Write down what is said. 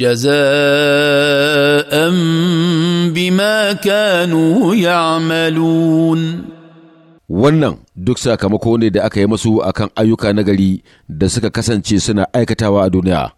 جزاء بما كانوا يعملون wannan duk sakamako ne da aka yi masu akan ayyuka nagari da suka kasance suna aikatawa a duniya